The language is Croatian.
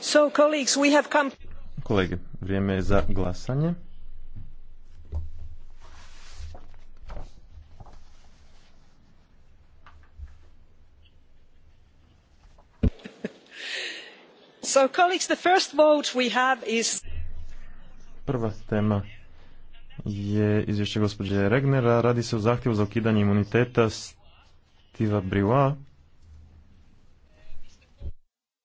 So, colleagues, we have Kolege, vrijeme je za glasanje. So, colleagues, the first vote we have is... Prva tema je izvješće gospođe Regnera. Radi se o zahtjevu za ukidanje imuniteta Stiva Briwa